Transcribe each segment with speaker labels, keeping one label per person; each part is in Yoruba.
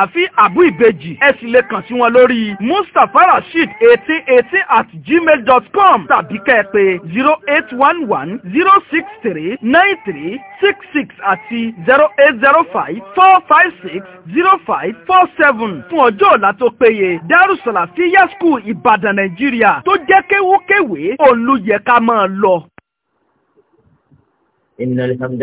Speaker 1: sàràfí àbú ìbejì ẹ sì lè kàn sí wọn lórí mustapha rasheed eighteen eighteen at gmail dot com tàbí kẹ́ẹ̀pè zero eight one one zero six three nine three six six àti zero eight zero five four five six zero five four seven fún ọjọ́ ọ̀la tó péye darussalafiya school ibadan nàìjíríà tó
Speaker 2: jẹ́ kéwúkéwé òun ló yẹ ká máa lọ. إن الحمد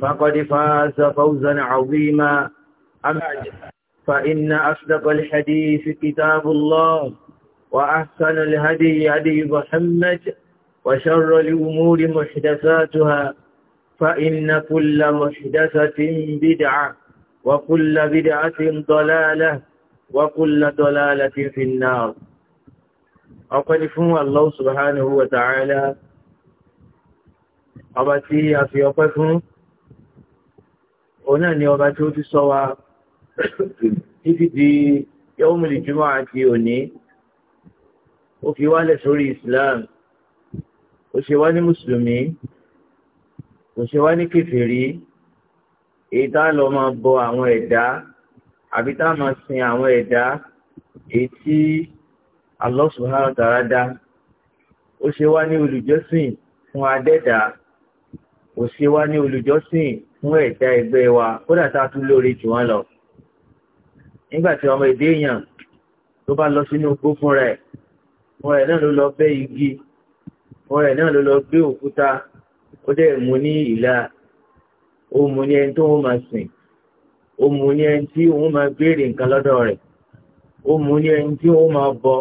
Speaker 2: فقد فاز فوزا عظيما أما فإن أصدق الحديث كتاب الله وأحسن الهدي هدي محمد وشر الأمور محدثاتها فإن كل محدثة بدعة وكل بدعة ضلالة وكل ضلالة في النار أقول فهم الله سبحانه وتعالى أبتي أفيقكم òun náà ni ọba tí ó ti sọ wa títí di yọ́mùlì jùmọ̀ àti òní ó fi wálẹ̀ sórí Islam ó ṣe wá ní mùsùlùmí kò ṣe wá ní kèfèrí èyí tá a lọ máa bọ àwọn ẹ̀dá àbí tá a máa sin àwọn ẹ̀dá èyí tí Allah subhanahu dá ó ṣe wá ní olùjọ́sìn fún adẹ́dàá ó ṣe wá ní olùjọ́sìn fún ẹ̀dá ẹgbẹ́ wa kódà tá a tún lórí jù wọ́n lọ. nígbà tí ọmọ èdè èèyàn tó bá lọ sínú igbó fúnra ẹ̀ fúnra ẹ̀ náà ló lọ bẹ́ igi fúnra ẹ̀ náà ló lọ gbé òkúta ó dẹ̀ mú ní ìlà ó mú ní ẹni tó wọ́n máa sìn ó mú ní ẹni tí òun máa béèrè nǹkan lọ́dọ̀ rẹ̀ ó mú ní ẹni tí òun máa bọ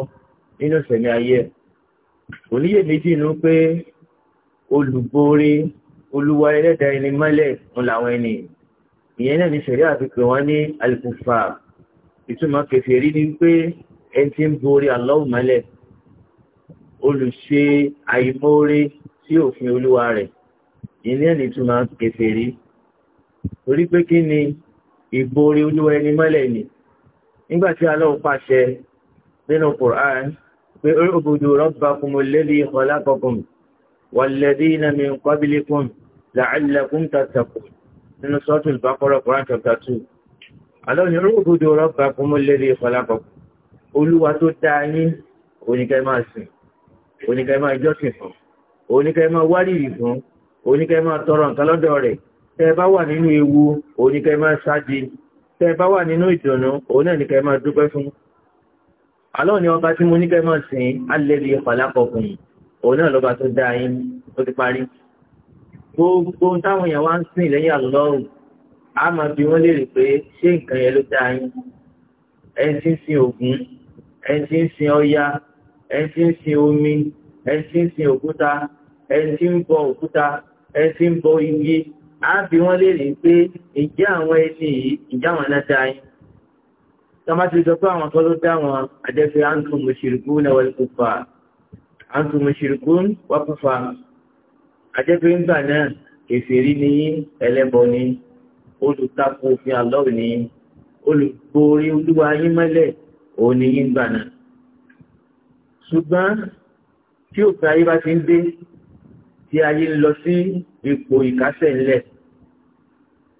Speaker 2: nínú ìṣẹ̀mí ayé ẹ̀ òníyèméjì nínú pé olùborí olúwa ẹlẹ́dàá ẹni mọ́lẹ̀ ń làwọn ẹni ìyẹn náà ní sẹ̀rí àfikún wọn ní alùpùpà ìtumọ̀ kèfèrí ni pé ẹni tí ń borí Allahu mọ́lẹ̀ olùṣe àìmóore sí òfin olúwa rẹ̀ ìyẹn náà ní ìtumọ̀ kèfèrí torí pé kí ni ìborí olúwa ẹni mọ́lẹ̀ ni nígbà tí Allahu pàṣẹ nínú Qur'an pé u'budu rabbakumul ladhi khalaqakum wal ladhina min qablikum. لعلكم تتقون من سورة البقرة Quran chapter two Allah ni u'budu rabbakum alladhi khalaqakum olúwa tó dá yín oníkẹ́ máa sìn oníkẹ́ máa jọ́sìn fún oníkẹ́ máa wárìrì fún oníkẹ́ máa tọrọ nǹkan lọ́dọ̀ rẹ̀ tẹ́ ẹ bá wà nínú ewu oníkẹ́ máa ṣáàjì tẹ́ ẹ bá wà nínú ìdùnnú òun náà ní kẹ́ máa dúpẹ́ fún Allah ni ọba tí mo ní kẹ́ máa sìn alladhi khalaqakum òun náà lọ́ba tó dá yín ó ti parí gbogbo táwọn èèyàn wá ń sìn lẹ́yìn àlọ́rù a máa bi wọ́n léèrè pé ṣé nǹkan yẹn ló dáa yín ẹni tí ń sin ògún ẹni tí ń sin ọya ẹni tí ń sin omi ẹni tí ń sin òkúta ẹni tí ń bọ òkúta ẹni tí ń bọ igi á bi wọ́n léèrè pé ìjẹ́ àwọn ẹni yìí ìjẹ́ àwọn náà dáa yín tọ́má sọ pé àwọn kan ló dá wọn àjẹsí àǹtùmùsìrìkún náà wọlé kópa àǹtùmùsìrìkún wọ́pùfà àjẹpẹ ńgbà náà kèfèrí ni ẹlẹ́bọ ni olùtakò òfin àlọ́ọ̀ ni olùgbòrí olúwa yín mọ́lẹ̀ òun ni yín gbà náà ṣùgbọ́n tí òfin ayé bá ti ń dé tí ayé ń lọ sí ipò ìkásẹ̀ ńlẹ̀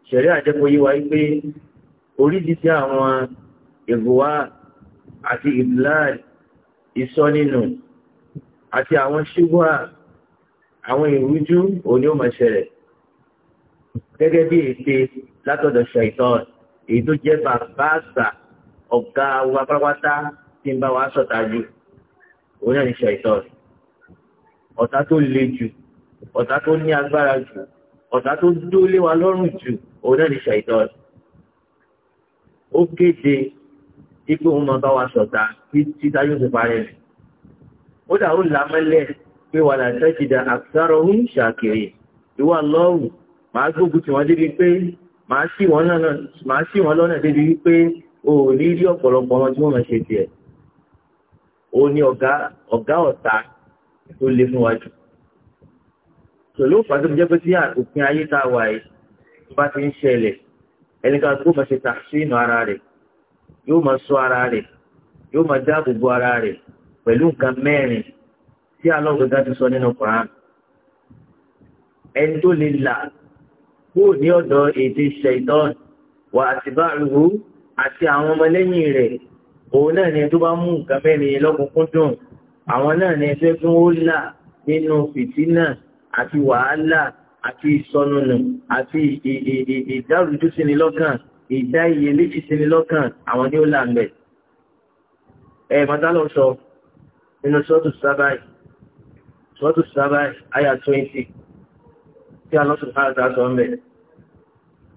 Speaker 2: ṣẹ̀rí àjẹpọ̀ yìí wáyé pé oríṣiríṣi àwọn ìgbòwá àti ìbíláàdì ìsọ́nínú àti àwọn ṣúgbọ́n àwọn ìrújú òní ó máa ṣẹlẹ̀ gẹ́gẹ́ bí ète látọ̀dọ̀ ṣàìtàn èyí tó jẹ́ bàbá àgbà ọ̀gá wa pátápátá tí ń bá wa sọ̀tà jù òun náà ní ṣàìtàn ọ̀tá tó le jù ọ̀tá tó ní agbára jù ọ̀tá tó dólé wa lọ́rùn jù òun náà ní ṣàìtàn ó kéde ipò òun máa bá wa sọ̀tà títí táyọ̀ ti parí ó dà ó là mọ́lẹ̀ pé wà látẹ́kìdà àkùsárọ̀ ń ṣàkèrè ìwà lọ́rùn màá gbógun tí wọ́n débi pé màá ṣì wọ́n lọ́nà débi wípé o ò ní rí ọ̀pọ̀lọpọ̀ wọn tí wọ́n máa ṣe tiẹ̀ ó ní ọ̀gá ọ̀gá ọ̀tá tó le fún wájú tòló fàájú jẹ́ pé tí òpin ayé tá wà yìí tó bá ti ń ṣẹlẹ̀ ẹnìkan tó máa ṣe tàṣínù ara rẹ̀ yóò máa ṣọ́ ara rẹ̀ yóò máa dáàbò bo ara rẹ̀ pẹ̀lú nǹkan mẹ́rin tí alọ́gbẹ̀gá ti sọ nínú Quran ẹni tó lè là kúrò ní ọ̀dọ̀ èdè ṣẹ̀dọ́n wà àtibáàlùhù àti àwọn ọmọlẹ́yìn rẹ̀ òun náà ni tó bá mú nǹkan mẹ́rin lọ́kùnkúndùn àwọn náà ni ẹgbẹ́ tí wọ́n là nínú fìtínà àti wàhálà àti ìsọnùnù àti ìdárúdú sínú lọ́kàn ìdá iyèméjì sínú lọ́kàn àwọn ni ó là ń bẹ̀. ẹ̀ mọ̀tálọ̀ sọ nínú sọ́ọ̀tù sábàá yìí sọ́tù sábà àyà 20. tí Allah subhanahu wa ta'ala sọ ń bẹ̀.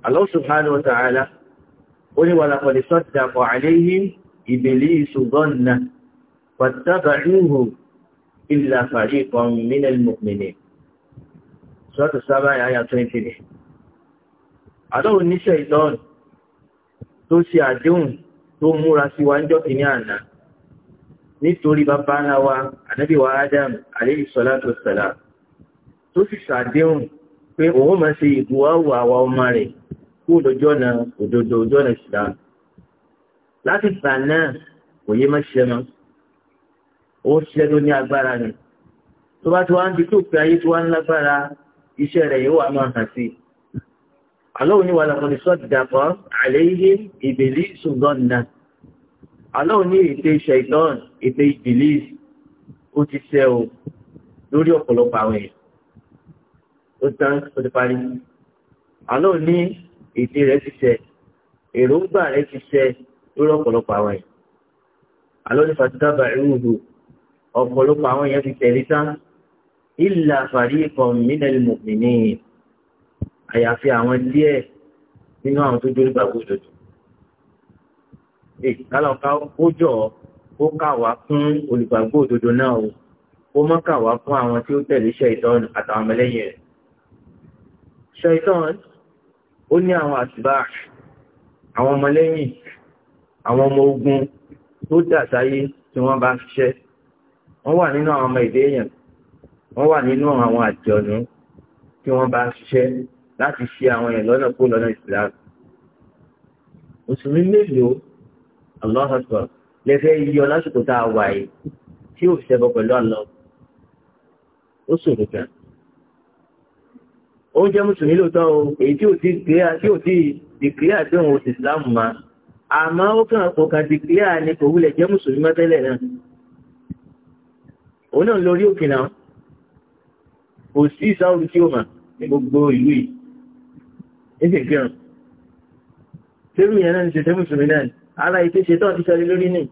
Speaker 2: Allah subhanahu wa ta'ala ó ní wàlá kọ̀dé sọ́tà kọ̀ àléyìn ìbèlè ìṣùgbọ́n náà wàtàbàáhù ìlà fariqan minal mu'minin. sọ́tù sábà àyà twenty ni. àlọ́ oníṣẹ́ ìtọ́n tó ṣe àdéhùn tó múra sí wa ń jọ́ kìíní àná nítorí bàbá ńlá wa Adam alayhi salatu wassalam tó sì ṣàdéhùn pé òun máa ṣe ìbúwáwò àwa ọmọ rẹ̀ kú lójọ́ náà òdodo ọjọ́ náà ṣìlá láti gbà náà òye má ṣe mọ́ ó ṣe ló ní agbára ni tó bá ti wá ń di tó pé ayé tí wá ń lágbára iṣẹ́ rẹ̀ yóò wá máa hàn sí àlọ́ òní wàlàkùnrin sọ́ọ̀dì dàpọ̀ àlẹ́ yìí ìbèlí ṣùgbọ́n náà aláwo ní ète ṣẹ̀dán ète ìbìlíf ó ti ṣẹ o lórí ọ̀pọ̀lọpọ̀ àwọn èèyàn ó tán ó ti parí aláwo ní ète rẹ̀ ti ṣẹ èròǹgbà rẹ̀ ti ṣẹ lórí ọ̀pọ̀lọpọ̀ àwọn èèyàn aláwo ní fatábà ìrúhu ọ̀pọ̀lọpọ̀ àwọn èèyàn ti tẹ̀lé tán ìlà fariqan minal mu'minin àyàfi àwọn díẹ̀ nínú àwọn tó dórí gbàgbọ́ òdodo ìkálọ̀ ká ó jọ ó kà wá fún olùgbàgbọ́ òdodo náà o ó mọ́ kà wá fún àwọn tí ó tẹ̀lé ṣẹ̀tọ́n àtàwọn ọmọlẹ́yìn rẹ̀. ṣẹ̀tọ́n ó ní àwọn àtìbá àwọn ọmọlẹ́yìn àwọn ọmọ ogun tó dà sáyé tí wọ́n bá ṣiṣẹ́ wọ́n wà nínú àwọn ọmọ èdè èèyàn wọ́n wà nínú àwọn àjọ̀nú tí wọ́n bá ṣiṣẹ́ láti ṣe àwọn èèyàn lọ́nà kó lọ́nà ìsìlámù mùsùlùmí mélòó allah akbar lè fẹ́ yọ lásìkò tá a wà yìí tí ò ṣẹbọ pẹ̀lú àlọ́ ó ṣòro gan. ó jẹ́ mùsùlùmí lóòótọ́ o èyí tí ò ti kílíà tí ò ti dìkílíà tí òun ò sì islam ma àmọ́ ó kàn kó kan dìkílíà ni kò wulẹ̀ jẹ́ mùsùlùmí mọ́tẹ́lẹ̀ náà òun náà lórí òkè náà kò sí ìsáwùrú tí ó mà ní gbogbo ìlú yìí ní sì fi yẹn náà ń ṣe sẹ́mùsùlùmí náà ni ara ìpé ṣetán ti sọrí lórí nì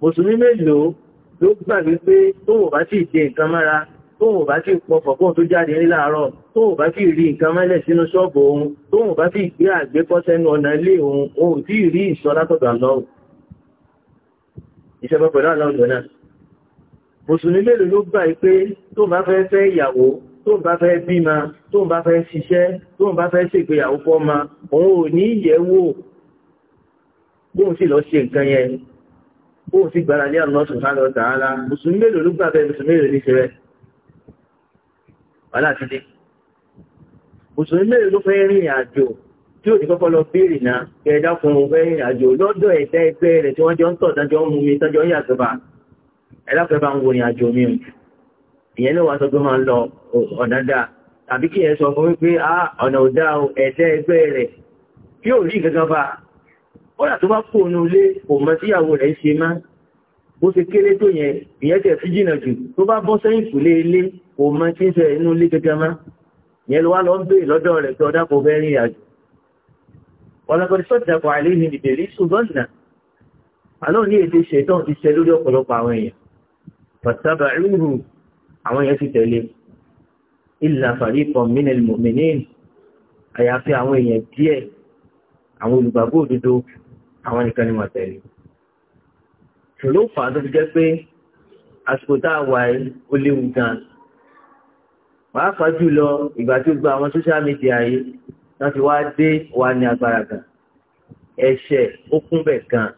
Speaker 2: mùsùlùmí mélòó ló gbà wípé tó wò bá sì dé nǹkan mára tó wò bá sì pọ fọ̀pọ̀ tó jáde ní láàárọ̀ tó wò bá sì rí nǹkan mẹ́lẹ̀ sínú ṣọ́ọ̀bù òun tó wò bá sì gbé àgbékọ́ sẹ́nu ọ̀nà ilé òun o ò tí ì rí ìsọ látọ̀dọ̀ àlọ́ ìṣẹ́fẹ́ pẹ̀lú àlọ́ ọ̀dọ̀ náà mùsùlùmí mélòó ló gbà wípé tó bá fẹ́ fẹ́ ìyàwó tó ń bá fẹ́ bímọ tó bá fẹ́ ṣiṣẹ́ tó bá fẹ́ ṣègbéyàwó fọ́mọ òun ò ní yẹ̀wò bóò sì lọ ṣe nǹkan yẹn bóò sì gbára lé ọ̀nà ọ̀sùn sálọ tààlà mùsùlùmí mélòó ló gbà bẹ́ẹ̀ mùsùlùmí mélòó ní ṣe rẹ̀ wàhálà ti dé mùsùlùmí mélòó ló fẹ́ rìn àjò tí ò ní kọ́kọ́ lọ béèrè náà kẹ́ ẹ dákun fẹ́ rìn àjò lọ́dọ̀ ẹ̀dá ẹgbẹ́ rẹ̀ tí wọ́n jọ ń tọ̀ dájọ́ ń mumi tọ́jọ́ ń yàgbọ́ba ẹ dákun bá ń wo rìn àjò mi ìyẹn ló wàá sọ pé máa ń lọ ọ̀nà dáa tàbí kí ẹ sọ fún mi ọ̀nà ò dáa ẹ̀dá ẹgbẹ́ rẹ̀ tí ò rí ìgbẹ́gbẹ́ bá kọ́dà tó bá kó onú ilé òmọ tíyàwó rẹ̀ ṣe má bó ṣe kéré tó yẹn ìyẹn tẹ̀ fi jìnà jù tó bá bọ́ sẹ́yìn kùlé ilé òmọ tí ń sẹ inú ilé gẹ́gẹ́ má yẹn ló wá lọ ń béè lọ́dọ̀ rẹ̀ pé ọ̀dà kò fẹ́ rìn àjò ọlọ́kọ̀dé sọ́dàpọ̀ àlẹ́ ni ìbèrè ṣùgbọ́n nà àlọ́ ní èdè ṣètọ́ ti ṣe lórí ọ̀pọ̀lọpọ̀ àwọn èèyàn pàtàbà rúrù àwọn èèyàn ti tẹ̀lé ìlà fàríkọ̀ mínẹ̀lì mòmìnì àyàfi àwọn èèyàn díẹ̀ àwọn olùgbàgbọ́ òdodo àwọn nìkan ni wọ́n tẹ̀lé ló fà á tó fi jẹ́ pé àsìkò tá a wà yìí ó léwu gan pàápàá jùlọ ìgbà tó gba àwọn social media yìí láti wá dé wà ní agbára gan ẹ̀ṣẹ̀ ó kún bẹ̀ gan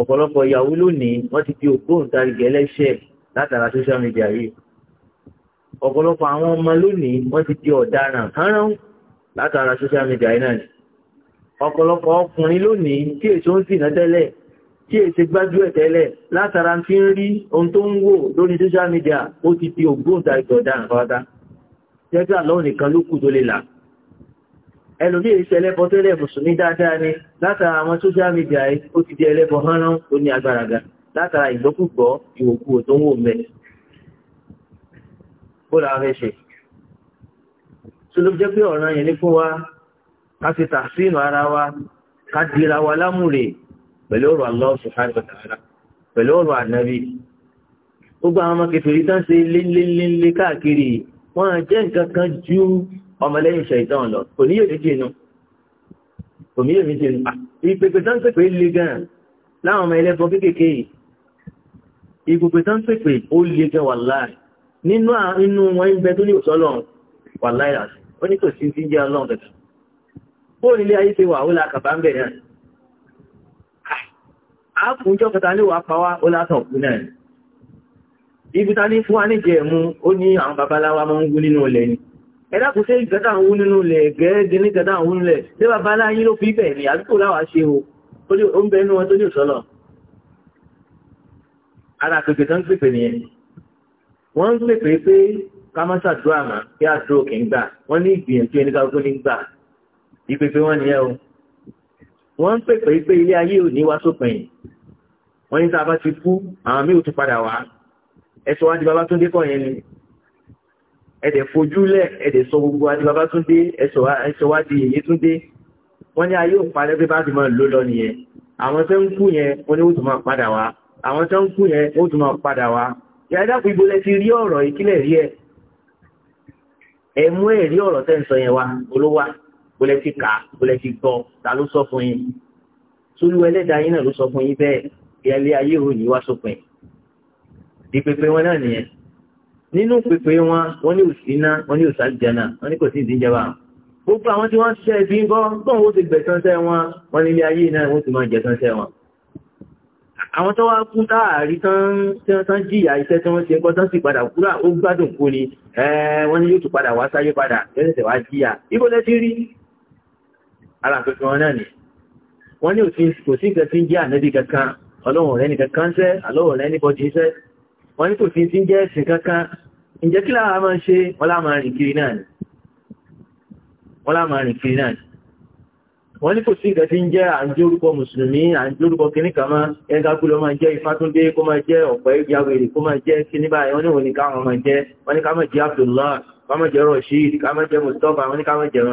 Speaker 2: ọ̀pọ̀lọpọ̀ ìyàwó lónìí wọ́n ti di ògbóǹtarìgì ẹlẹ́ṣẹ̀ látara social media yìí ọ̀pọ̀lọpọ̀ àwọn ọmọ lónìí wọ́n ti di ọ̀daràn kárán látara social media yìí náà ọ̀pọ̀lọpọ̀ ọkùnrin lónìí tí èso ń sìnà tẹ́lẹ̀ tí èso gbájú ẹ̀ tẹ́lẹ̀ látara fi ń rí ohun tó ń wò lórí social media ó ti di ògbóǹtarìgì ọ̀daràn fáwátá jẹ́gbẹ́ àlọ́ nìkan ló kù tó lè là ẹlòmíì èso ẹlẹ́bọ tẹ́lẹ̀ mùsùlùmí dáadáa ni látara àwọn social media yìí ó ti di ẹlẹ́bọ hánrán tó ní agbára ga látara ìgbọ́kùgbọ́ ìwòkú tó ń wò mẹ́ bó la fẹ́ ṣe ká ṣe tàṣínú ara wa ká dira wa lámùrè pẹ̀lú ọ̀rọ̀ Allah subhanahu wa ta'ala pẹ̀lú ọ̀rọ̀ ànábì gbogbo àwọn ọmọ kẹfìrí tán ṣe lélélélé káàkiri wọn jẹ́ nǹkan kan ju ọmọlẹ́yìn ṣẹ̀tàn lọ kò ní yèmí jìnnú kò ní yèmí jìnnú ah, ìpèpè tán pèpè le gan láwọn ọmọ ẹlẹ́bọ kéékèèké yìí ìpèpè tán pèpè ó le gan wàláì nínú wọn ń bẹ tó ní òtọ́ lọ́run wàláì ó ní kò sí ti jẹ́ ọlọ́run tẹ̀tẹ̀ bóòrùn ilé ayé ṣe wà ó lákàbà ń bẹ̀rẹ̀ ààfún ah, jọ́kọta ní wà pàwá ó náà ibi ta ní fún wa ní jẹ̀mú ó ní àwọn babaláwa máa ń wú nínú ilẹ̀ ni ẹ̀dá kò sí ìgbẹ́ta ń wú nínú ilẹ̀ gẹ́ẹ́gẹ́ ní gẹ́ta ń wú nílẹ̀ be o Ala wọ́n ń pé ká kí wọ́n ní ìgbìyànjú ẹni ní gbà ìpèpè wọn nìyẹn o wọ́n ń pèpè pé ilé ayé ò ní wá sópin wọ́n ní tá a bá ti kú àwọn míì ò tún padà wá ẹ̀sọ́ wá di Babátúndé kọ́ yẹn ni ẹ̀dẹ̀ fojúlẹ̀ ẹ̀dẹ̀ sọ gbogbo wá di Babátúndé ẹ̀sọ́ wá di Yéyétúndé wọ́n ní ayé ò parẹ́ pé bá ti máa lò lọ nìyẹn àwọn tó ń kú yẹn wọ́n ní ó tún máa padà wá àwọn tó ń kú yẹn ó tún máa padà wá yàrá kò ibo lẹ ti rí ọ̀rọ̀ ìkílẹ̀ rí ẹ̀ ẹ̀ mú ẹ̀rí ọ̀rọ̀ tẹ́ ń sọ yẹn wá olówá bólẹ́ ti kà bólẹ́ ti gbọ́ ta ló sọ fún yín sólú ẹlẹ́dàá yín náà ló sọ fún yín bẹ́ẹ̀ ìyálé ayé ìròyìn wá sópin di pépé wọn náà nìyẹn nínú pépé wọn wọn ní òsínà wọn ní òsàlìjànà wọn ní kò sí ìdíjẹba gbogbo àwọn tí wọn ṣiṣẹ́ ibi ń gbọ́ bọ́n ó ti gbẹ̀san sẹ́ wọn wọn nílé ayé náà wọn ti máa jẹ̀san sẹ́ wọn àwọn tó wá kú táàrí tán jìyà iṣẹ́ tí wọ́n ṣe ń kọ́ tán sì padà kúrò ó gbádùn kú ni wọ́n ní yóò tún padà wá sáyé padà lẹ́sẹ̀ wá jìyà ibo lẹ́ ti rí ara pẹ̀lú wọn náà ni wọ́n ní kò sí nǹkan tí ń jẹ́ ànábì kankan ọlọ́run rẹ̀ nìkan kan sẹ́ àlọ́run rẹ̀ níbọ̀dì iṣẹ́ wọ́n ní kò máa ṣe wọ́n máa ni kiri náà ni wọ́n ní kò sí nǹkan tí ń jẹ́ àǹjẹ́ orúkọ mùsùlùmí àǹjẹ́ orúkọ kìnnì kan mọ́ ẹ̀ka kú ló máa jẹ́ ifátúndé kó máa jẹ́ ọ̀pẹ́ ìyàwèrè kó máa jẹ́ kíní báyìí wọ́n ní wọ́n ní káwọn máa jẹ́ wọ́n ní ká máa jẹ́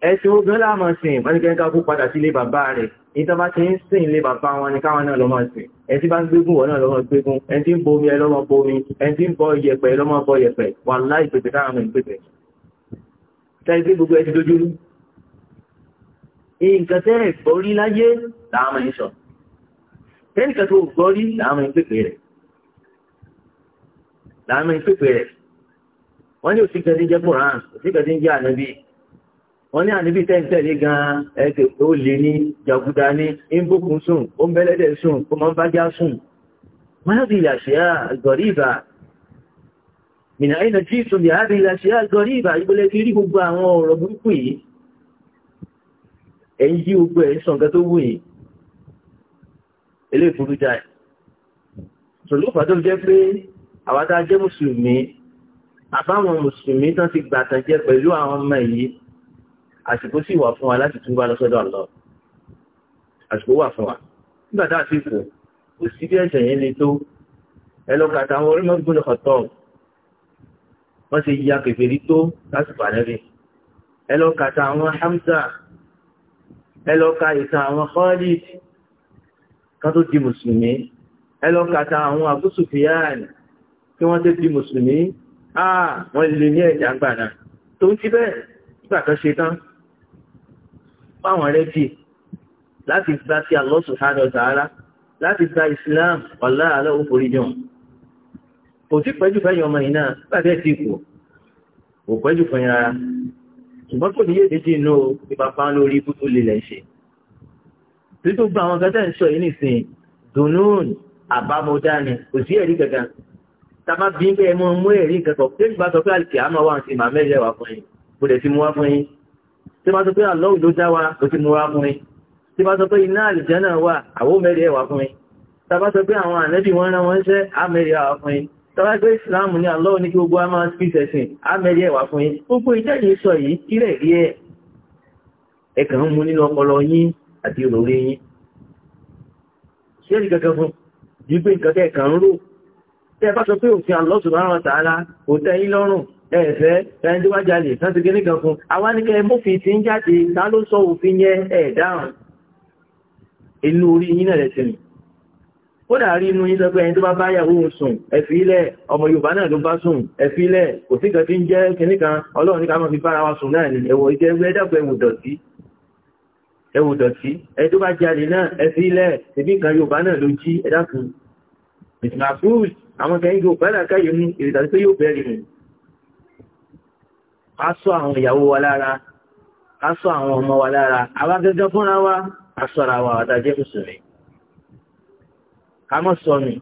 Speaker 2: ẹ̀sìn ogun láàmà sìn wọ́n ní kẹ́ńká kú padà sí ilé bàbá rẹ̀ ìtọ́ bá ti ń sìn ilé bàbá wọn ní káwọn náà lọ́mọ sìn ẹni tí bá ń gbégún wọn náà lọ́mọ gbégún ẹni tí ń bomi ẹlọ́mọ bomi ẹni tí ń bọ iyẹ̀pẹ̀ lọ́mọ bọ iyẹ̀pẹ̀ wà láì pèsè káwọn ìpèsè tẹ́lẹ̀ tí gbogbo ẹni dojú rú nǹkan tẹ́ ẹ̀ gbọ́ rí láyé làwọn ń wọ́n ní àníbí tẹ́ntẹ́lé gan-an ẹ̀kẹ́ ó lè ní jàgùdà ní ìbùkún sùn ó ń bẹ́lẹ́dẹ̀ sùn ó máa ń bájá sùn máàbí ìlàṣíà gọ̀ríbà mìnà àìnà jí sùn ní àbí ìlàṣíà gọ̀ríbà ìgbélé ti rí gbogbo àwọn ọ̀rọ̀ burúkú yìí ẹ̀yìn yí gbogbo ẹ̀ sàn kan tó wù yìí eléyìí burú jáì sòlúfà tó jẹ́ pé a jẹ́ mùsùlùmí mùsùlùmí tán ti gbàtàn jẹ pẹ̀lú àwọn ọmọ yìí àsìkò sì wà fún wa láti tún bá lọ sọ́dọ̀ lọ àsìkò wà fún wa nígbà tá a sì kù kò sí bí ẹ̀ṣẹ̀ yẹn le tó ẹ lọ kàtà àwọn orímọ gbọ́dọ̀ kọtọ wọn ti ya kèfèrí tó lásìkò ànẹbí ẹ lọ kàtà àwọn Hamza ẹ lọ ka ìtàn àwọn Khalid kan tó di mùsùlùmí ẹ àwọn Abu kí wọn tó di mùsùlùmí ah lè ní ẹjà gbà tó ń ti bẹ́ẹ̀ nígbà kan ṣe tán páwọn rẹ́dì láti gba ti Allah subhanahu wa ta'ala láti gba Islam ọ̀la àlọ́ òforí jọ̀hún kò sí pẹ́jù fẹ́yìn ọmọ yìí náà láti ẹ̀ ti kù kò pẹ́jù fẹ́yìn rárá ṣùgbọ́n kò ní yé dídì inú ìpapá lórí kúkú lè lẹ̀ ṣe títí gba àwọn gẹ́gẹ́ ń sọ yìí nìsín dùnún àbámọ́dá ni kò sí ẹ̀rí kankan tábà bí bẹ́ẹ̀ mọ́ mú ẹ̀rí kankan pé nígbà sọ pé àlùkè àmọ́ wà ń sin màmẹ́lẹ̀ wà fún yín kò dẹ̀ ti mú wá fún yín tí bá sọ pé àlọ́wù ló já wa kò sí mú wa fún mi tí bá sọ pé iná àlìjánà wà àwó mẹ́rẹ̀ ẹ̀wà fún mi tá bá sọ pé àwọn ànẹ́bì wọ́n rán wọ́n ṣẹ́ àmẹ́rẹ̀ ẹ̀wà fún yín tá bá pé Islam ní àlọ́wù ní kí gbogbo a máa fi sẹ̀sìn àmẹ́rẹ̀ ẹ̀wà fún yín gbogbo ìjẹ́jì sọ yìí kílẹ̀ rí ẹ ẹ̀fẹ́ ẹni tó bá jalè tán ti gẹ́lẹ́ kan fún àwọn ní kẹ́ mọ́fin ti ń jáde ta ló sọ òfin yẹn ẹ̀ dáhùn inú orí yín náà lẹ́sìn ó dàrí inú yín sọ pé ẹni tó bá bá yàwó sùn ẹ̀fílẹ̀ ọmọ yorùbá náà ló bá sùn ẹ̀fílẹ̀ kò sí kan ń jẹ́ kinní ọlọ́run ní ká máa fi bára wa sùn náà ni ẹ̀wọ̀ ìjẹ́ ẹ̀dàpọ̀ ẹ̀wù dọ̀tí ẹ̀wù dọ̀tí ẹni tó bá jalè náà ẹ̀fílẹ̀ ẹ̀bí kan yorùbá náà ló jí ẹ̀dàkùn ìtìmàfúùs àwọn kẹ́yìn yóò pẹ́ ká ṣọ́ àwọn ìyàwó wa lára ká ṣọ́ àwọn ọmọ wa lára àwa gẹ́gẹ́ fúnra wa ká ṣọ́ra wa àtàjẹ́ mùsùlùmí ká mọ̀ sọnù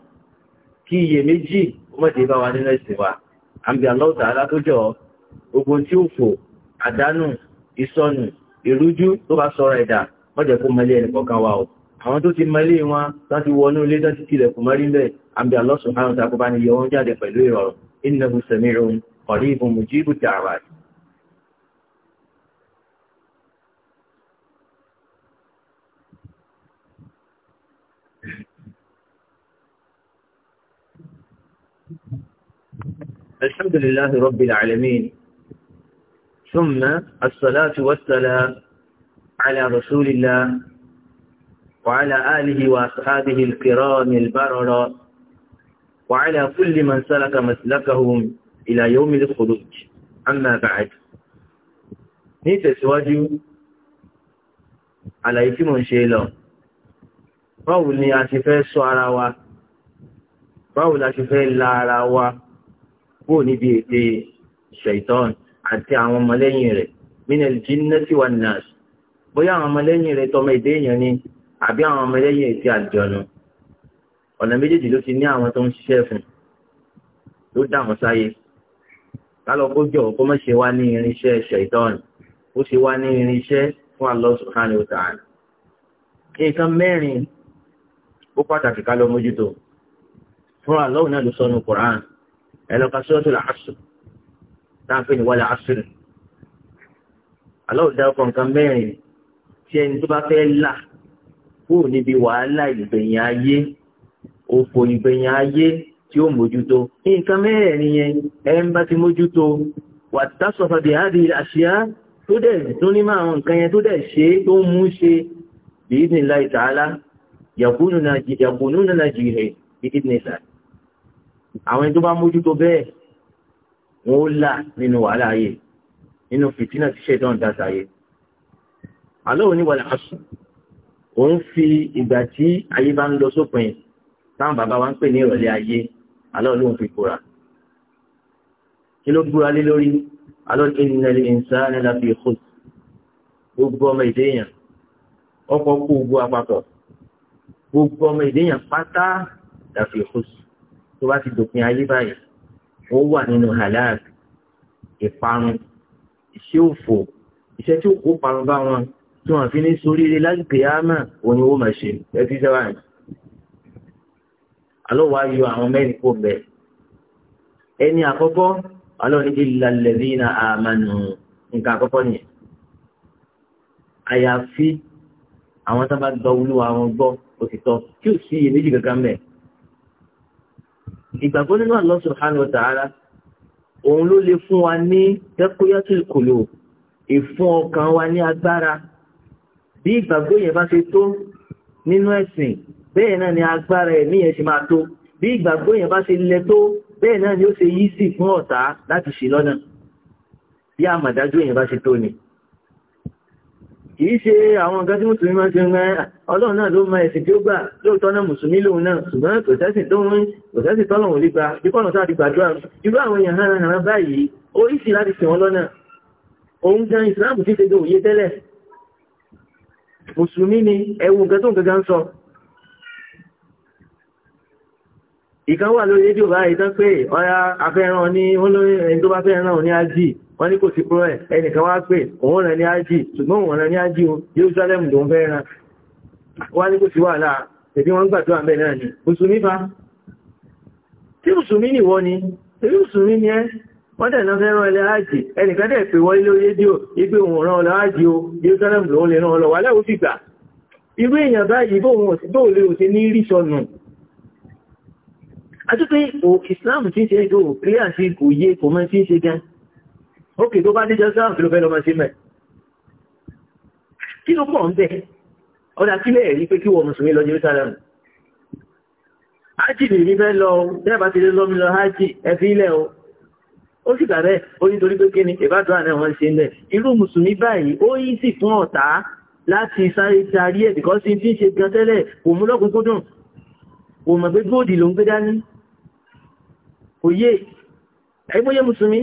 Speaker 2: kí iyèméjì ọmọdé bá wa nínú ẹ̀sìn wa àbí àlọ́ọ̀tà alákójọ ogun tí ó fò àdánù ìsọnù ìrújú tó bá sọ̀rọ̀ ẹ̀dá mọ́jẹ̀ kó mẹ́lẹ̀ ẹnìkọ̀ọ̀kan wa o àwọn tó ti mẹ́lẹ̀ wọn láti wọnú ilé láti tilẹ̀kùn mẹ́rin bẹ́ẹ̀ àbí Allah subhanahu wa bá ní yọ wọn jáde pẹ̀lú ìrọ̀rùn innahu sami'un qaribun mujibu da'wat الحمد لله رب العالمين ثم الصلاة والسلام على رسول الله وعلى آله وأصحابه الكرام البررة وعلى كل من سلك مسلكهم إلى يوم الخروج أما بعد نيت سواجو على يتم شيلا فاول نياتي báwo ni a ti fẹ́ sọ ara kúrò níbi ète ṣaitan àti àwọn ọmọlẹ́yìn rẹ̀ minel jinnati wan nas bóyá àwọn ọmọlẹ́yìn rẹ̀ tọmọ èdè èèyàn ni àbí àwọn ọmọlẹ́yìn ète àjọnu ọ̀nà méjèèjì ló ti ní àwọn tó ń ṣiṣẹ́ fún ló dá wọn sáyé kálọ̀ kó jọ̀ kó má ṣe wá ní irinṣẹ́ ṣaitan ó ṣe wá ní irinṣẹ́ fún Allah subhanahu nǹkan mẹ́rin ó pàtàkì kálọ̀ mójútó fún Allah náà ló sọ ní Qur'an ẹlọ́ka sọ́ọ́tù làásù táàfin ìwà làásù nù. aláwòdà ọkọ̀ nǹkan mẹ́rin tí ẹni tó bá fẹ́ là kúrò níbi wàhálà ìgbẹ̀yìn ayé òfò ìgbẹ̀yìn ayé tí ó mójútó. nǹkan mẹ́rin yẹn ẹ̀ ń bá ti mójútó wà tásọ̀fà bí àdì àṣìá tó dẹ̀ tó ní máa nǹkan yẹn tó dẹ̀ ṣe tó mú ṣe bìí ní láì tààlà yàkúnú náà àwọn ẹni tó bá mójútó bẹ́ẹ̀ wọn ó là nínú wàhálà ayé nínú fìtínà tí ṣẹ̀dán dá sáyé àlọ́ òní wàlẹ̀ àṣù òun fi ìgbà tí ayé bá ń lọ sópin táwọn bàbá wa ń pè ní ìrọ̀lẹ́ ayé àlọ́ lóun fi kóra kí ló gbúra lé lórí àlọ́ innal insana lafi khusr gbogbo ọmọ èdè èèyàn ọkọ̀ kú gbogbo àpapọ̀ gbogbo ọmọ èdè èèyàn pátá lafi khusr tó bá ti dòpin ayé báyìí ó wà nínú halak ìparun iṣẹ́ òfò iṣẹ́ tí ó kó parun bá wọn tí wọ́n fi ní soríire láti kìyàmà òun ni wọ́n máa ṣe ẹbí sẹ́wà ní. alọ́ wàá yọ àwọn mẹ́rin kó bẹ̀. ẹni àkọ́kọ́ alọ́ ní illa alladhina amanu nǹkan àkọ́kọ́ nìyẹn. àyàfi àwọn tó bá gbọ́ olúwa wọn gbọ́ òtítọ́ tí o sí iyèméjì kankan mẹ́ẹ̀ ìgbàgbọ́ nínú Allah subhanahu wa ta'ala òun ló lè fún wa ní taqwiyatul qulub ìfún ọkàn wa ní agbára bí ìgbàgbọ́ yẹn bá ṣe tó nínú ẹ̀sìn bẹ́ẹ̀ náà ni agbára ẹ̀mí yẹn ṣe máa tó bí ìgbàgbọ́ yẹn bá ṣe lẹ tó bẹ́ẹ̀ náà ni ó ṣe yí sí fún ọ̀tá láti ṣì lọ́nà bí àmọ̀dájú yẹn bá ṣe tó ni kìí ṣe àwọn nǹkan tí mùsùlùmí máa ti ń rán ọlọ́run náà ló mọ ẹ̀sìn tí ó gbà lóòótọ́ náà mùsùlùmí lòun náà ṣùgbọ́n kò sẹ́sìn tó ń kò sẹ́sìn tọ́lọ̀hún lè gba bí kọ́nà sáà ti gbàdúrà irú àwọn èèyàn hàn hàn báyìí ó ìsì láti sìn wọn lọ́nà òun gan ìsìláàmù ti ṣe òye tẹ́lẹ̀ ni ẹwù nǹkan tó ń gangan sọ ìkan wọ́n ní kò sí púrọ̀ ẹnìkan wá pé òun rẹ̀ ní ájì ṣùgbọ́n òun rẹ̀ ní ájì o Jerusalem ló ń fẹ́ ran wọ́n ní kò sí wàhálà ẹ̀bí wọ́n gbàdúrà bẹ́ẹ̀ náà ni mùsùlùmí fa tí mùsùlùmí ni wọ́n ni èyí mùsùlùmí ni ẹ́ wọ́n dẹ̀ náà fẹ́ ran ilẹ̀ ájì ẹnìkan dẹ̀ pé wọ́n ilé rédíò ipe òun ràn ọlọ ájì o Jerusalem Islam ti ń ṣe ètò clear sí ókè tó bá dé jọ́sán kí ló fẹ́ lọ́mọ sí mẹ́ kí ló pọ̀ ń bẹ̀ ọ̀dà kílẹ̀ rí pé kí wọ́n mùsùlùmí lọ Jerusalem ájì lè ní fẹ́ lọ dẹ́ẹ̀bá ti lé lọ́mí lọ ájì ẹ̀fí ilẹ̀ o ó sì gbà bẹ́ẹ̀ ó ní torí pé kí ni ìbádùn àná wọn ṣe ń bẹ̀ irú mùsùlùmí báyìí ó yí sì fún ọ̀tá láti sáré tarí ẹ̀ bìkọ́ sí ti ń ṣe gan tẹ́lẹ̀ kò mú lọ́kùnkúndùn kò mọ̀ pé góòdì ló ń gbé dání kò yé ẹgbóyé mùsùlùmí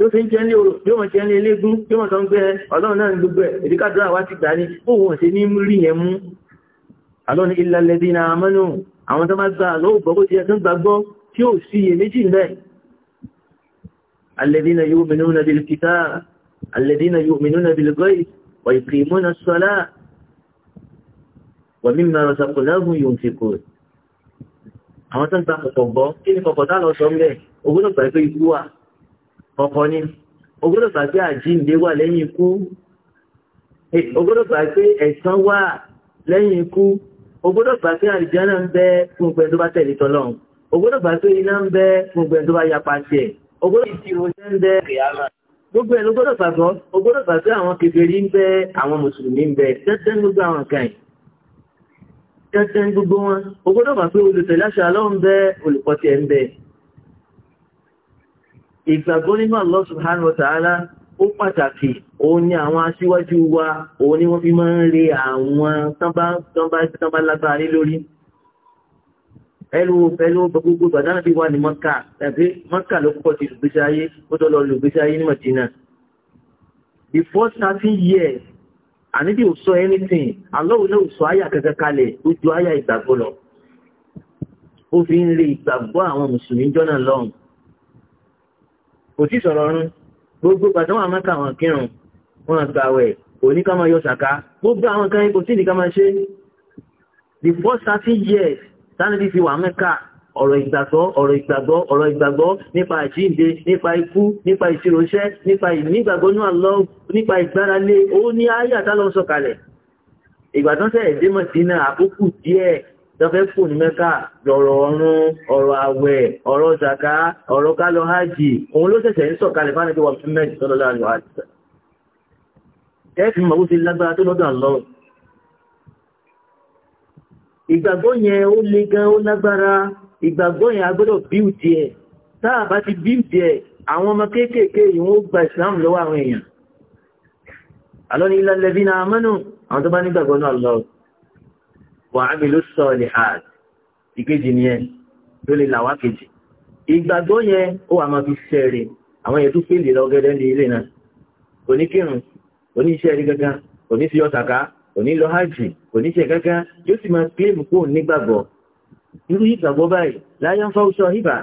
Speaker 2: tó fi ń jẹ́ ní orò yóò mọ̀ jẹ́ ní elégún yóò mọ̀ tó ń gbẹ́ ọlọ́run náà gbogbo ẹ̀ ìdíkàdúrà wá ti gbà ní òun ṣe ní rí yẹn mú alọ́ni ìlàlẹ́dí na amánú àwọn tó máa gba àlọ́wọ́ gbọ́gbọ́ ti ẹ̀sán gbàgbọ́ tí ó sì yẹ méjì lẹ́ alẹ́dínà yóò mìnú na bí kìtà alẹ́dínà yóò mìnú na àwọn tó ń gba kọ̀kọ̀ gbọ́ kí ni kọ̀kọ̀ tá lọ sọ mẹ́ ògbónà pẹ̀lú ikú ọkọ ni o gbọ́dọ̀ gbà pé àjíǹde wà lẹ́yìn ikú o gbọ́dọ̀ gbà pé ẹ̀san wà lẹ́yìn ikú o gbọ́dọ̀ gbà pé àlùjánnà ń bẹ fún gbẹ̀ẹ́ tó bá tẹ̀lé tọ́lọ́run o gbọ́dọ̀ gbà pé iná ń bẹ fún gbẹ̀ẹ́ tó bá yapa tiẹ̀ o gbọ́dọ̀ ìṣirò ṣẹ́ ń bẹ gbogbo ẹ̀ ló gbọ́dọ̀ gbàgbọ́ o gbọ́dọ̀ gbà pé àwọn kèfèrí ń bẹ àwọn mùsùlùmí ń bẹ tẹ́tẹ́ gbogbo àwọn kan yìí tẹ́tẹ́ gbogbo wọn o gbọ́dọ̀ gbà ìgbàgbọ́ nínú Allah subhanahu wa ta'ala ó pàtàkì òun ni àwọn aṣíwájú wa òun ni wọ́n fi máa ń re àwọn tán lágbára ní lórí ẹlú ẹlú gbogbo gbàdánà bí wà ní mọ́kà tàbí mọ́kà ló kọ́kọ́ ti lùgbésí ayé ó tó lọ lùgbésí ayé ní Mọ̀dínà before thirty years àníbi ò sọ anything alọ́wọ́ náà ò sọ àyà kankan kalẹ̀ ó àyà ìgbàgbọ́ lọ ó fi ń re ìgbàgbọ́ àwọn mùsùlùmí jọ́nà lọ́hùn kò sí sọ̀rọ̀ ọ̀run gbogbo pàtó wọn àmọ́ka wọn kírun wọn àgbàwẹ̀ òní ká máa yọ sàká gbogbo àwọn kan kò sí ìdíkà máa ṣe the first thirty years sanadi fi wà mẹ́ka ọ̀rọ̀ ìgbàgbọ́ ọ̀rọ̀ ìgbàgbọ́ ọ̀rọ̀ ìgbàgbọ́ nípa àjíǹde nípa ikú nípa ìṣiròṣẹ́ nípa ìnígbàgbọ́ ní àlọ́ nípa ìgbáralé ó ní ayé àtàlọ́sọ̀kalẹ̀ ìgbà tó ń sẹ̀ ẹ̀dẹ́mọ̀ sínú àkókò díẹ̀ tọ́fẹ́ kù ní mẹ́ka lọ́rọ̀ ọ̀run ọ̀rọ̀ àwẹ̀ ọ̀rọ̀ zaka ọ̀rọ̀ kálọ̀ hajj òun ló ṣẹ̀ṣẹ̀ ń sọ̀kalẹ̀ fún àdéhùn Muhammad sallallahu alaihi wasallam. tẹ́ẹ̀fì màwú ti lágbára tó lọ́dọ̀ àlọ́. ìgbàgbọ́ yẹn ó le gan ó lágbára ìgbàgbọ́ yẹn a gbọ́dọ̀ bíùtì ẹ̀ tá a bá wà á mi ló sọ ní àd ìkejì nìyẹn tó lè làwá kejì ìgbàgbọ́ yẹn ó wà máa fi ṣẹ̀rẹ̀ àwọn yẹn tó fèlè lọ gẹ́gẹ́ ní ilé náà oníkírun oníṣẹ́ rí gángan oníṣe ọ̀sàká onílọ hajj oníṣẹ́ gángan yóò sì máa kílèmù kó nígbàgbọ́ irú ìgbàgbọ́ báyìí láyé ń fáwọ́sọ ìbà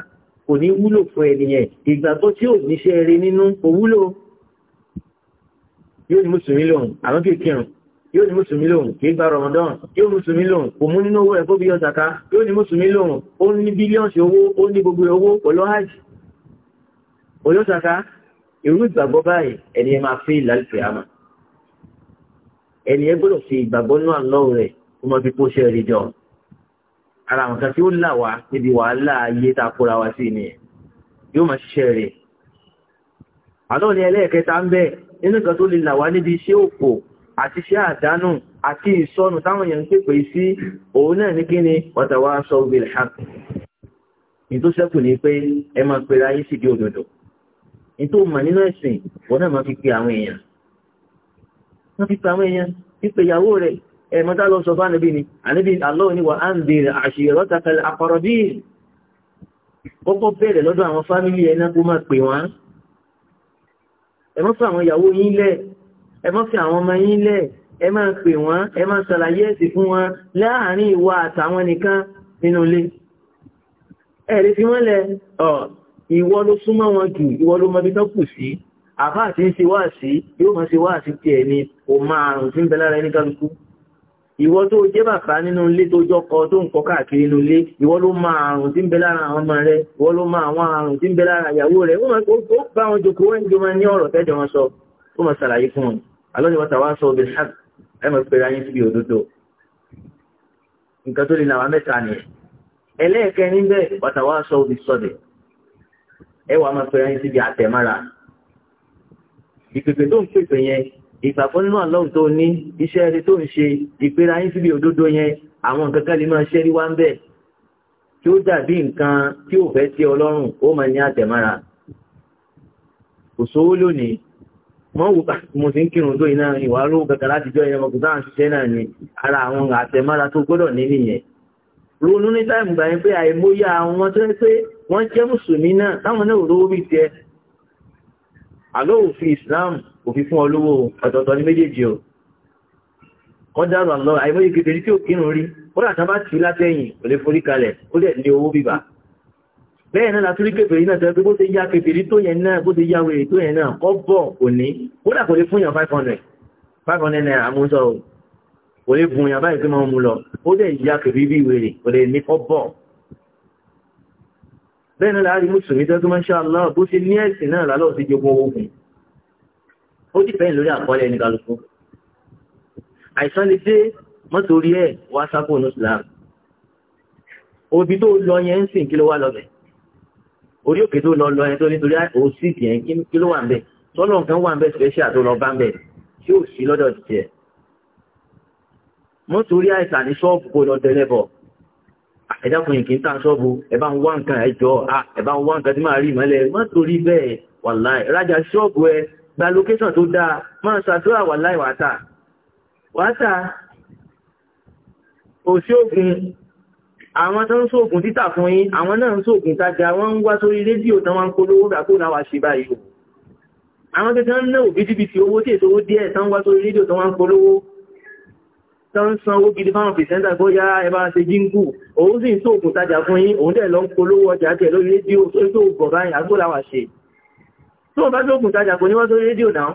Speaker 2: kò ní wúlò fún ẹnìyẹn ìgbàgbọ́ tí ò níṣẹ́ rí nínú kò wúlò yóò ní mùsùlùmí lòun àwọn kéèkéèrùn yóò ní mùsùlùmí lòun kìí gba ramadan yóò mùsùlùmí lòun kò mú nínú owó ẹ̀kọ́ bí ọ̀sàká yóò ní mùsùlùmí lòun ó ní bílíọ̀nsì owó ó ní gbogbo owó pẹ̀lú hajj olóṣàká irú ìgbàgbọ́ báyìí ẹni ẹ máa fi lálùfẹ́ àmà ẹni ẹ gbọ́dọ̀ fi ìgbàgbọ́ náà lọ́wọ́ rẹ̀ kó máa fi kóṣẹ́ rí jọ ara àwọn kan tí ó là wá níbi wàhálà ayé tá a kóra wá sí ni yóò máa ṣiṣẹ́ rẹ̀ àlọ́ ni ẹlẹ́ẹ̀kẹta ń bẹ nínú kan tó lè là wá níbi iṣẹ́ òpó àti ṣe àdánù àti ìsọnù táwọn èèyàn ń pèpè sí òun náà ní kí ni wàtàwà sọ bil haqq ní tó sẹ́kù ní pé ẹ máa pèrè ayé sì di òdodo ní tó mọ̀ nínú ẹ̀sìn wọn náà máa fi pe àwọn èèyàn wọ́n fi pe àwọn èèyàn pípe ìyàwó rẹ̀ ẹ̀ mọ́tà lọ sọ fún àníbí ni àníbí Allah ni wà á ń bèèrè ashiratak al-aqrabin kọ́kọ́ bẹ̀rẹ̀ lọ́dọ̀ àwọn fámìlì ẹ̀ náà kó máa pè wọ́n ẹ̀ mọ́ fún àwọn ìyàwó yín lẹ́ẹ̀ ẹ má fi àwọn ọmọ yín lẹ̀ ẹ máa pè wọ́n ẹ máa ṣàlàyé ẹ̀sìn fún wọn láàárín ìwà àtàwọn nìkan nínú ilé ẹ̀rí fi wọ́n lẹ̀ ìwọ ló súnmọ́ wọn jù ìwọ ló mọbi tán kù sí àfá àti ń ṣe wá sí yóò mọ́ ṣe wá sí ti ẹ̀ ni kò máa àrùn tí ń bẹ lára ẹni kálukú ìwọ tó jẹ́ bàbá nínú ilé tó jọkọ tó ń kọ káàkiri nínú ilé ìwọ ló máa àrùn tí ń bẹ lára àwọn ọmọ rẹ ìwọ ló máa àwọn àrùn tí ń bẹ lára ìyàwó rẹ ó bá wọn jòkó wọ́n jọ máa ní ọ̀rọ̀ tẹ́jọ wọn sọ ó mọ̀ ṣàlàyé fún wọn alọ́ni wọ́n tàwa sọ obìnrin ṣáà ẹ mọ̀ pé ayé síbi òdodo nǹkan tó lè nà wá mẹ́ta nìyẹn ẹlẹ́ẹ̀kẹ́rin bẹ́ẹ̀ wọ́n tàwa sọ obìnrin sọ̀dẹ̀ ẹ wàá mọ̀ pé ayé síbi àtẹ̀mára ìpèpè tó ń pèpè yẹn ìfàfọ́ nínú àlọ́hùn tó ní iṣẹ́ rẹ tó ń ṣe ìpera yín síbi òdodo yẹn àwọn nǹkan kan máa ṣẹ́ rí wá ń bẹ̀ tí ó dàbí nǹkan tí ò fẹ́ tí ọlọ́run ó máa ní àtẹ̀mára kò sówó lónìí wọ́n wò mo ti ń kírun tó iná ìwà ló kẹ̀kẹ́ láti jọ ìyẹn ọkùnrin táwọn ṣiṣẹ́ náà ni ara àwọn àtẹ̀mára tó gbọ́dọ̀ ní nìyẹn ronú ní táìmù gbà yẹn pé àìmóyá àwọn tó ń pé wọ́n jẹ́ mùsùlùmí náà táwọn náà rówó bí tiẹ̀ àlọ́ Islam òfin fún olówó ọ̀tọ̀ọ̀tọ̀ ní méjèèjì o wọ́n dárò àlọ́ àìmóyé kékeré tí ò kírun rí kódà tá bá tì í látẹ̀yìn kò lè forí kalẹ̀ ó dẹ̀ lé owó bẹ́ẹ̀ náà látúrí kèfèrí náà tẹ́ bó ṣe yá kèfèrí tó yẹn náà bó ṣe yá wèrè tó yẹn náà kọ́ bọ̀ kò ní kódà kò lè fún yàn five hundred five hundred naira àmúṣọ o kò lè fún yàn báyìí pé máa mú lọ ó dẹ̀ yá kèfèrí bí wèrè kò lè ní kọ́ bọ̀. bẹ́ẹ̀ náà láàrin mùsùlùmí tẹ́ tó máa ń ṣe àlọ́ bó ṣe ní ẹ̀sìn náà lálọ́ sí jogun ogun ó dì fẹ́yìn lórí àkọọ́lẹ̀ ẹni kálukú àìsàn lè dé mọ́tò orí ẹ̀ wá sápò ní òbí tó lọ yẹn ń sìn kí ló wá lọ bẹ̀ẹ́ orí òkè tó lọ lọ ẹni tó nítorí òsì tiẹ̀ kí ló wà ń bẹ̀ tọ́lọ̀ nǹkan wà ń bẹ̀ special tó lọ bá ń bẹ̀ tí ò sí lọ́dọ̀ tiẹ̀. mo torí àìsàn ní ṣọ́ọ̀bù kó lọ tẹ́lẹ̀ bọ̀ ẹ̀dá fún yìnkì ń tà ṣọ́ọ̀bù ẹ bá ń wá nǹkan ẹjọ́ ẹ bá ń wá nǹkan tí máa rí ìmọ́lẹ̀ má torí bẹ́ẹ̀ wàláì rájà ṣọ́ọ̀bù ẹ gba location tó dáa máa ṣàdúrà wàláì wàtà wàtà òṣì ògùn àwọn tó ń sóògùn títà fún yín àwọn náà ń sóògùn tajà wọ́n ń wá sórí rédíò tán wọ́n ń polówó ràkó láwà ṣe báyìí àwọn tó tán náà òbí jìbìtì owó tí èso owó díẹ̀ tán wá sórí rédíò tán wọ́n ń polówó tán san owó gidi fáwọn pìsẹ́ntà kó yá ẹ bá ṣe jíngù òun sì ń sóògùn tajà fún yín òun dẹ̀ lọ ń polówó ọjà tẹ̀ lórí rédíò tó ń sóògùn báyìí àgbò láwà ṣe tó o bá sóògùn tajà kò ní wọ́n sórí rédíò náà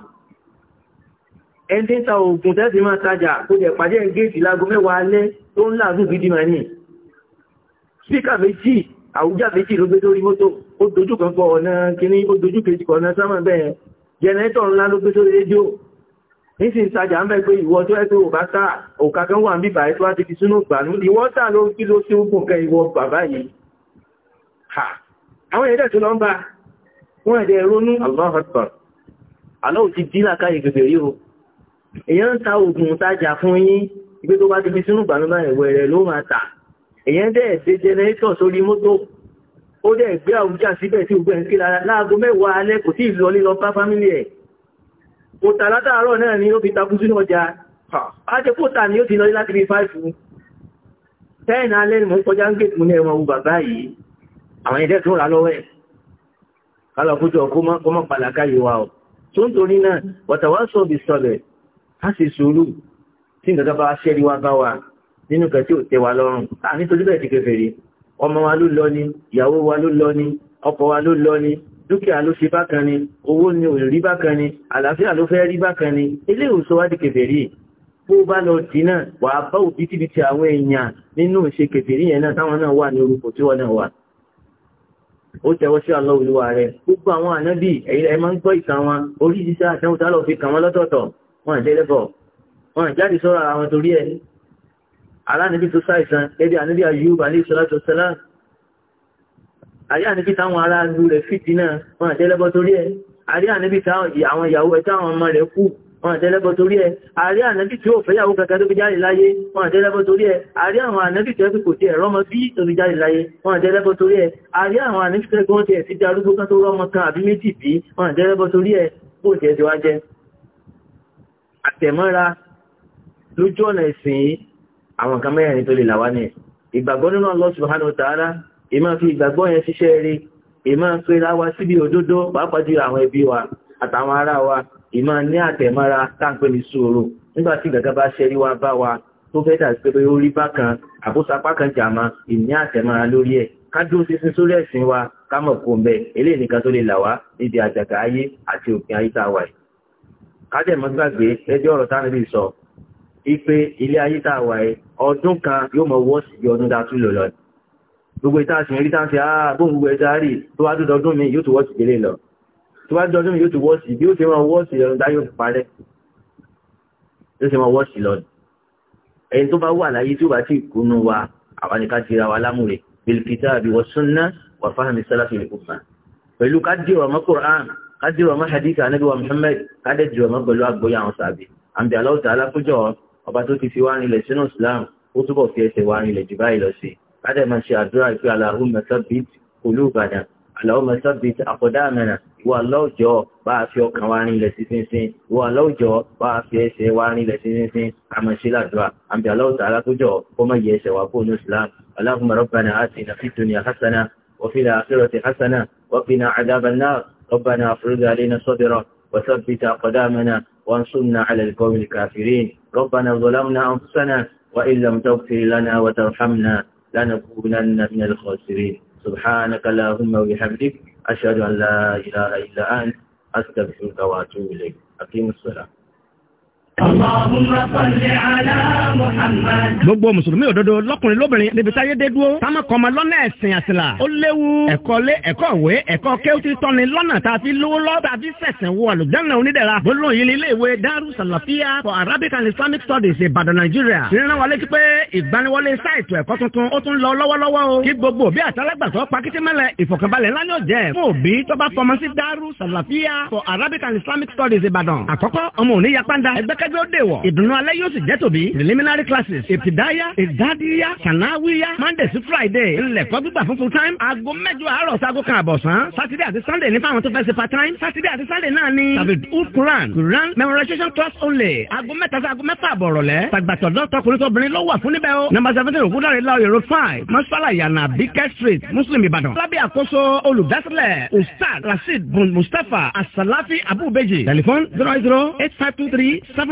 Speaker 2: ẹni tí ń ta òògùn tẹ́sí máa tajà kó jẹ̀ pàdé ẹ̀ géètì láago mẹ́wàá alẹ́ tó ń láàbù gidi mà ní spíkà méjì àwùjá méjì ló gbé lórí mọ́tò ó dojú kan kọ ọ̀nà kíní ó dojú kejì kọ̀ ọ̀nà sámà bẹ́ẹ̀ jẹnẹtọ̀ ńlá ló gbé sórí rédíò nísìn ìtajà ń bẹ́ pé ìwọ tó ẹ́ tó ò bá tà òkà kan wà ń bíbà ẹ́ tó á ti fi súnú gbà ní ìwọ tà ló kí ló sí òkùn kẹ ìwọ bàbá yìí àwọn ẹ̀dẹ̀ tó lọ ń bá wọ́n ẹ̀dẹ̀ ronú Allahu aláwò ti dí làkáyè gbèbè rí o èèyàn ń ta oògùn tajà fún yín ìgbé tó bá ti fi súnú gbà báyìí wẹ̀rẹ̀ ló máa tà èyàn dẹ̀ ṣe jẹnẹrétọ̀ sórí mọ́tò ó dẹ̀ gbé àwùjá síbẹ̀ tí ó gbẹ̀rẹ̀ kí lára láago mẹ́wàá alẹ́ kò tí ìlọ lílọ bá fámílì ẹ̀ òtà látàárọ̀ náà ni ó fi takú sínú ọjà ajẹ́kótà ni ó ti lọ láti bí fáìfù ni mo kọjá ń gèkùn ní ẹmọ bàbá yìí àwọn ẹ̀dẹ́ tún rà lọ́wọ́ ẹ̀ kálọ̀ kójọ kó mọ́ pàlàkà yìí wa ọ̀ tó ń torí náà wọ̀tàwá sọ̀bì sọ̀bẹ̀ á sì sùúrù tí nínú kan tí ò tẹ́ wa lọ́rùn tá a nítorí bẹ́ẹ̀ ti kèfèrí ọmọ wa ló lọ ni ìyàwó wa ló lọ ni ọkọ wa ló lọ ni dúkìá ló ṣe bákan ni owó ni ò rí bákan ni àlàáfíà ló fẹ́ rí bákan ni ilé ìwòsàn wá di kèfèrí bó bá lọ dínà wà á bá òbítíbitì àwọn èèyàn nínú ìṣe kèfèrí yẹn náà táwọn náà wà ní orúkọ tí wọ́n náà wà ó tẹ́wọ́ sí Allah olúwa gbogbo àwọn ànábì ẹ̀yìn ẹ̀ máa ń gbọ́ ìtàn wọn oríṣiríṣi àtẹ̀wò lọ fi kàn wọ́n lọ́tọ̀ọ̀tọ̀ wọn àjẹ́lẹ́bọ̀ wọn àjáde sọ́rọ̀ ara wọn torí ẹ̀ alánibí tó sáìsàn lẹ́bí àníbí Ayúbà ní ìṣọ́lájọ́ sẹ́lá àrí àníbí táwọn ará ìlú rẹ̀ fìdí náà wọ́n àtẹ́lẹ́bọ́ torí ẹ̀ àrí àníbí táwọn ìyàwó ẹ̀ táwọn ọmọ rẹ̀ kú wọ́n àtẹ́lẹ́bọ́ torí ẹ̀ àrí àníbí tí ó fẹ́yàwó kankan tó fi jáde láyé wọ́n àtẹ́lẹ́bọ́ torí ẹ̀ àrí àwọn àníbí tó fi kò tí ẹ̀rọ ọmọ bí tó fi jáde láyé wọ́n àtẹ́lẹ́bọ́ torí ẹ̀ àrí àwọn àníbí tó gbọ́n tí ẹ̀ fi darúgbó kan tó rọ́mọ kan àbí méjì bí wọ́n àtẹ́lẹ́bọ́ torí ẹ̀ bó ti ẹ̀ ti wá jẹ́ àtẹ̀mọ́ra lójú ọ̀nà ìsìn yìí àwọn nǹkan mẹ́rin tó lè là wá ní ìgbàgbọ́ nínú Allah subhanahu wa ta'ala fi ìgbàgbọ́ yẹn ṣiṣẹ́ rí ìmọ̀ pera wa síbi òdodo pàápàá àwọn ẹbí wa àtàwọn ará wa ìmọ̀ ní àtẹ̀mọ́ra táǹpẹ́ ní sùúrù nígbà tí gàgà bá ṣẹ́rí wa bá wa tó fẹ́ dà sí pé ó rí bákan àkóṣapá kan jàmá ìní àtẹ̀mọ́ra lórí ẹ̀ ká dúró sísun sórí ẹ̀sìn wa ká mọ̀ kó mbẹ́ eléyìí nìkan tó lè là níbi àjàgà ayé àti òpin ayé tá a wà yìí. ká dẹ̀ mọ́ gbàgbé ẹjọ́ ọ̀rọ̀ táwọn ilé sọ ipe ilé ayé tá a wà ẹ ọdún kan yóò mọ wọ́ sí ọdún tá a tún lò lọ gbogbo ìtàṣìn rí táǹsì àá ah, bóun gbogbo ẹja rí tó wá dúdọ ọdún mi yóò tún wọ́ sí délé lọ tó wá dúdọ ọdún mi yóò tún wọ́ sí bí ó ṣe máa wọ́ sí ọdún tá yóò parẹ́ yóò ṣe máa wọ́ sí lọ ẹni tó bá wà láyé tí ó bá ti kúnnú wa àwa ni ká ti ra wa lámúre bìlìkìtà àbí wọ́n súnná wà fáhàmì sálàfì ìkùnfà pẹ̀lú ká dìrọ̀ mọ́ Qur'an ká dìrọ̀ mọ́ hadith anabi wa Muhammad ká dẹ̀ dìrọ̀ mọ́ pẹ̀lú àgbóyà àwọn sàbí àǹbẹ̀ aláwọ̀ tààlà kójọ́ ọba tó ti fi wá rinlẹ̀ sínú islam ó túbọ̀ fi ẹsẹ̀ wá rinlẹ̀ jù báyìí lọ sí i ládẹ̀ máa ṣe àdúrà pé Allahumma thabbit qulubana Allahumma thabbit aqdamana ìwà lọ́jọ́ bá a fi ọkàn wá rinlẹ̀ sí sínsín ìwà lọ́jọ́ bá a fi ẹsẹ̀ wá rinlẹ̀ sí sínsín a máa ṣe ládùúrà àmì aláwòtà alákójọ kó má yẹ ẹsẹ̀ wá kó ní islam Allahumma rabbana atina fid hasana wa fil hasana wa qina adhaban nar ربنا افرغ علينا صدرا وثبت أقدامنا وانصرنا على القوم الكافرين ربنا ظلمنا أنفسنا وإن لم تغفر لنا وترحمنا لنكونن من الخاسرين سبحانك اللهم وبحمدك أشهد أن لا إله إلا أنت أستغفرك وأتوب إليك أقيم الصلاة
Speaker 3: gbogbo mùsùlùmí òdodo lọkùnrin lóbìnrin níbi táyé dé dúró táwọn kan máa lọ́nà ẹ̀sìn àsìlà ó léwu ẹ̀kọ́ lé ẹ̀kọ́ ìwé ẹ̀kọ́ kéwùtì tọ́ni lọ́nà tá a fi lówó lọ́ tá a fi sẹ̀sìn wo àlùjáná onídẹ̀ra gbólóhùn yìí ní ilé Daru Salafia for Arabic and Islamic Studies Ìbàdàn Nàìjíríà ìrìnà wa létí pé ìgbaniwọlé sáìtù ẹ̀kọ́ tuntun ó tún lọ lọ́wọ́lọ́wọ́ o kí gbogbo dúró dè wọ̀. ìdùnnú alẹ́ yóò sì jẹ́ tòbí. preliminary classes ìtìdáyà ìdádíyà kànáwíyà monday sí friday ńlẹ̀kọ́ gbígbà fún full time. aago mẹ́jọ àárọ̀ sago kan àbọ̀sán. saturday àti sunday ní fáwọn tó fẹ́ ṣe part time. saturday àti sunday náà ni david hood quran quran memorization class only. aago mẹ́ta sí aago mẹ́fà àbọ̀rọ̀ lẹ́. tàgbàtọ̀dọ̀ tọkùnrin tóbìnrin ló wà fún níbẹ̀ o. number seventeen ògúndàrí láòyè road five masfala yana bikẹ́ street muslim ìbàdàn. lábẹ́ àkóso olùdásílẹ̀ ustaz rasheed bun mustapha asalafi abubeji. telephone zero zero eight five two three seven